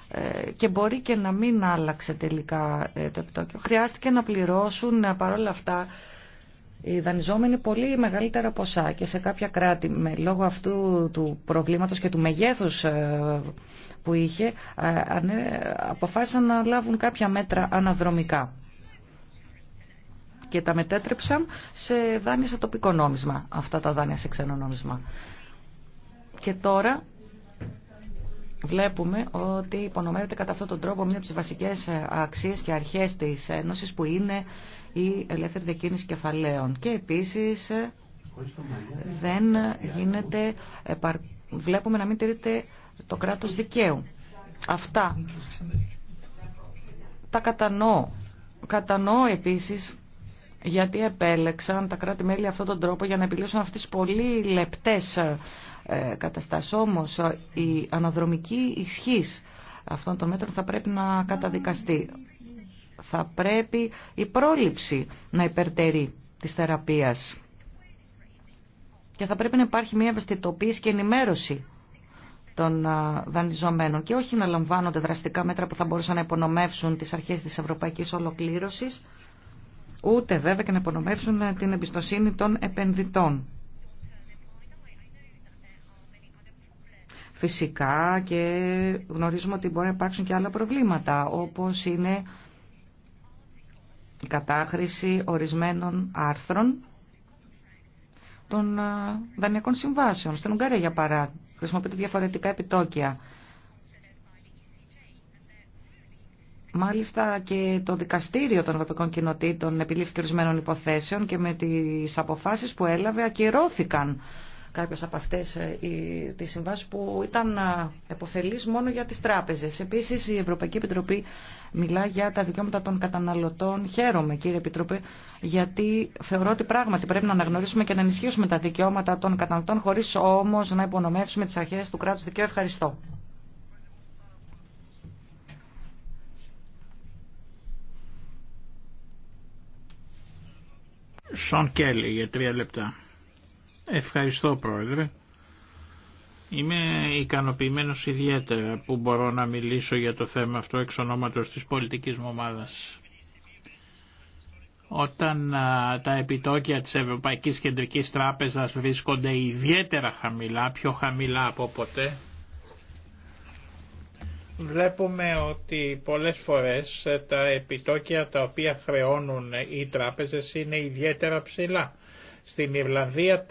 ε, και μπορεί και να μην άλλαξε τελικά ε, το επιτόκιο. Χρειάστηκε να πληρώσουν ε, παρόλα αυτά οι δανειζόμενοι πολύ μεγαλύτερα ποσά και σε κάποια κράτη με, λόγω αυτού του προβλήματος και του μεγέθους που είχε αποφάσισαν να λάβουν κάποια μέτρα αναδρομικά και τα μετέτρεψαν σε δάνεια σε τοπικό νόμισμα αυτά τα δάνεια σε ξένο Και τώρα βλέπουμε ότι υπονομεύεται κατά αυτόν τον τρόπο μία από τι βασικέ ε, αξίε και αρχέ τη Ένωση που είναι η ελεύθερη διακίνηση κεφαλαίων. Και επίση ε, δεν γίνεται, βλέπουμε να μην τηρείται το κράτος δικαίου. Αυτά τα κατανοώ. Κατανοώ επίσης γιατί επέλεξαν τα κράτη-μέλη αυτόν τον τρόπο για να επιλύσουν αυτές τις πολύ λεπτές ε, καταστάσεις. Όμως ε, η αναδρομική ισχύς αυτών των μέτρων θα πρέπει να καταδικαστεί. Θα πρέπει η πρόληψη να υπερτερεί της θεραπείας. Και θα πρέπει να υπάρχει μια ευαισθητοποίηση και ενημέρωση των ε, δανειζομένων και όχι να λαμβάνονται δραστικά μέτρα που θα μπορούσαν να υπονομεύσουν τις αρχές της ευρωπαϊκής ολοκλήρωσης ούτε βέβαια και να υπονομεύσουν ε, την εμπιστοσύνη των επενδυτών. Φυσικά και γνωρίζουμε ότι μπορεί να υπάρξουν και άλλα προβλήματα, όπως είναι η κατάχρηση ορισμένων άρθρων των ε, δανειακών συμβάσεων. Στην Ουγγαρία, για παράδειγμα, χρησιμοποιείται διαφορετικά επιτόκια Μάλιστα και το Δικαστήριο των Ευρωπαϊκών Κοινοτήτων επιλήφθηκε ορισμένων υποθέσεων και με τις αποφάσεις που έλαβε ακυρώθηκαν κάποιες από αυτές ε, τις συμβάσεις που ήταν ε, εποφελείς μόνο για τις τράπεζες. Επίσης η Ευρωπαϊκή Επιτροπή μιλά για τα δικαιώματα των καταναλωτών. Χαίρομαι κύριε Επιτροπή γιατί θεωρώ ότι πράγματι πρέπει να αναγνωρίσουμε και να ενισχύσουμε τα δικαιώματα των καταναλωτών χωρίς όμως να υπονομεύσουμε τις αρχές του κράτους δικαίου. Ευχαριστώ. Σον Κέλλη για τρία λεπτά. Ευχαριστώ πρόεδρε. Είμαι ικανοποιημένος ιδιαίτερα που μπορώ να μιλήσω για το θέμα αυτό εξ ονόματος της πολιτικής μου ομάδας. Όταν τα επιτόκια της Ευρωπαϊκής Κεντρικής Τράπεζας βρίσκονται ιδιαίτερα χαμηλά, πιο χαμηλά από ποτέ, Βλέπουμε ότι πολλές φορές ε, τα επιτόκια τα οποία χρεώνουν ε, οι τράπεζες είναι ιδιαίτερα ψηλά. Στην Ιρλανδία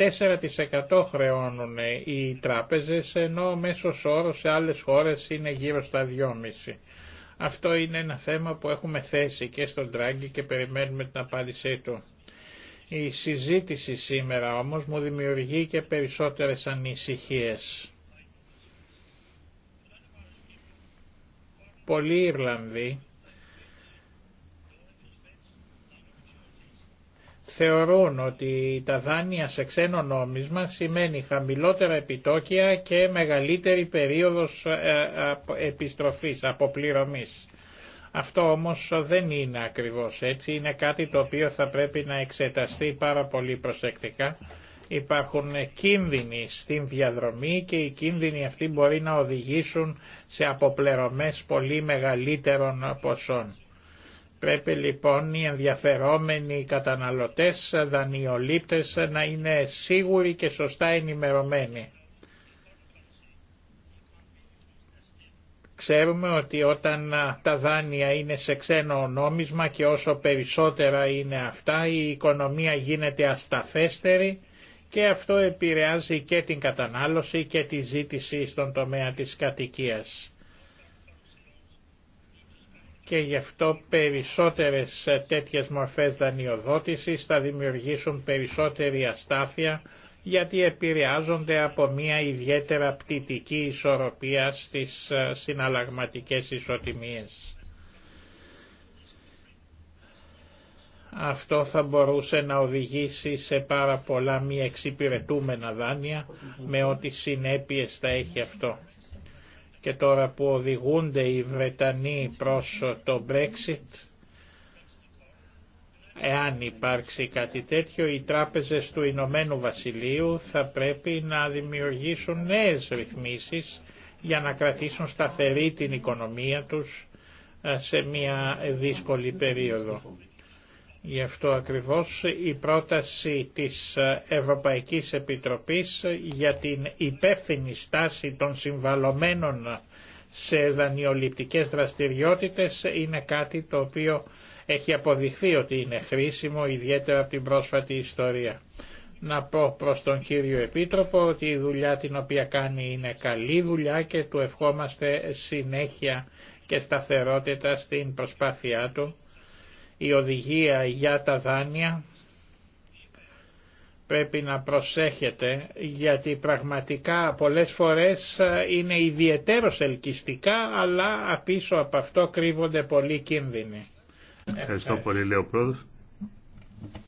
4% χρεώνουν ε, οι τράπεζες ενώ ο μέσος όρος σε άλλες χώρες είναι γύρω στα 2,5%. Αυτό είναι ένα θέμα που έχουμε θέσει και στον Τράγκη και περιμένουμε την απάντησή του. Η συζήτηση σήμερα όμως μου δημιουργεί και περισσότερες ανησυχίες. Πολλοί Ιρλανδοί θεωρούν ότι τα δάνεια σε ξένο νόμισμα σημαίνει χαμηλότερα επιτόκια και μεγαλύτερη περίοδος ε, ε, επιστροφής, αποπληρωμής. Αυτό όμως δεν είναι ακριβώς έτσι, είναι κάτι το οποίο θα πρέπει να εξεταστεί πάρα πολύ προσεκτικά Υπάρχουν κίνδυνοι στην διαδρομή και οι κίνδυνοι αυτοί μπορεί να οδηγήσουν σε αποπλερωμές πολύ μεγαλύτερων ποσών. Πρέπει λοιπόν οι ενδιαφερόμενοι καταναλωτές, δανειολήπτες να είναι σίγουροι και σωστά ενημερωμένοι. Ξέρουμε ότι όταν τα δάνεια είναι σε ξένο νόμισμα και όσο περισσότερα είναι αυτά η οικονομία γίνεται ασταθέστερη και αυτό επηρεάζει και την κατανάλωση και τη ζήτηση στον τομέα της κατοικίας. Και γι' αυτό περισσότερες τέτοιες μορφές δανειοδότησης θα δημιουργήσουν περισσότερη αστάθεια γιατί επηρεάζονται από μια ιδιαίτερα πτητική ισορροπία στις ε, συναλλαγματικές ισοτιμίες. Αυτό θα μπορούσε να οδηγήσει σε πάρα πολλά μη εξυπηρετούμενα δάνεια με ό,τι συνέπειες θα έχει αυτό. Και τώρα που οδηγούνται οι Βρετανοί προς το Brexit, εάν υπάρξει κάτι τέτοιο, οι τράπεζες του Ηνωμένου Βασιλείου θα πρέπει να δημιουργήσουν νέες ρυθμίσεις για να κρατήσουν σταθερή την οικονομία τους ε, σε μια δύσκολη περίοδο. Γι' αυτό ακριβώς η πρόταση της Ευρωπαϊκής Επιτροπής για την υπεύθυνη στάση των συμβαλωμένων σε δανειοληπτικές δραστηριότητες είναι κάτι το οποίο έχει αποδειχθεί ότι είναι χρήσιμο ιδιαίτερα από την πρόσφατη ιστορία. Να πω προς τον κύριο Επίτροπο ότι η δουλειά την οποία κάνει είναι καλή δουλειά και του ευχόμαστε συνέχεια και σταθερότητα στην προσπάθειά του η οδηγία για τα δάνεια πρέπει να προσέχετε γιατί πραγματικά πολλές φορές είναι ιδιαιτέρως ελκυστικά αλλά απίσω από αυτό κρύβονται πολλοί κίνδυνοι. Ευχαριστώ, πολύ πολύ Πρόεδρος.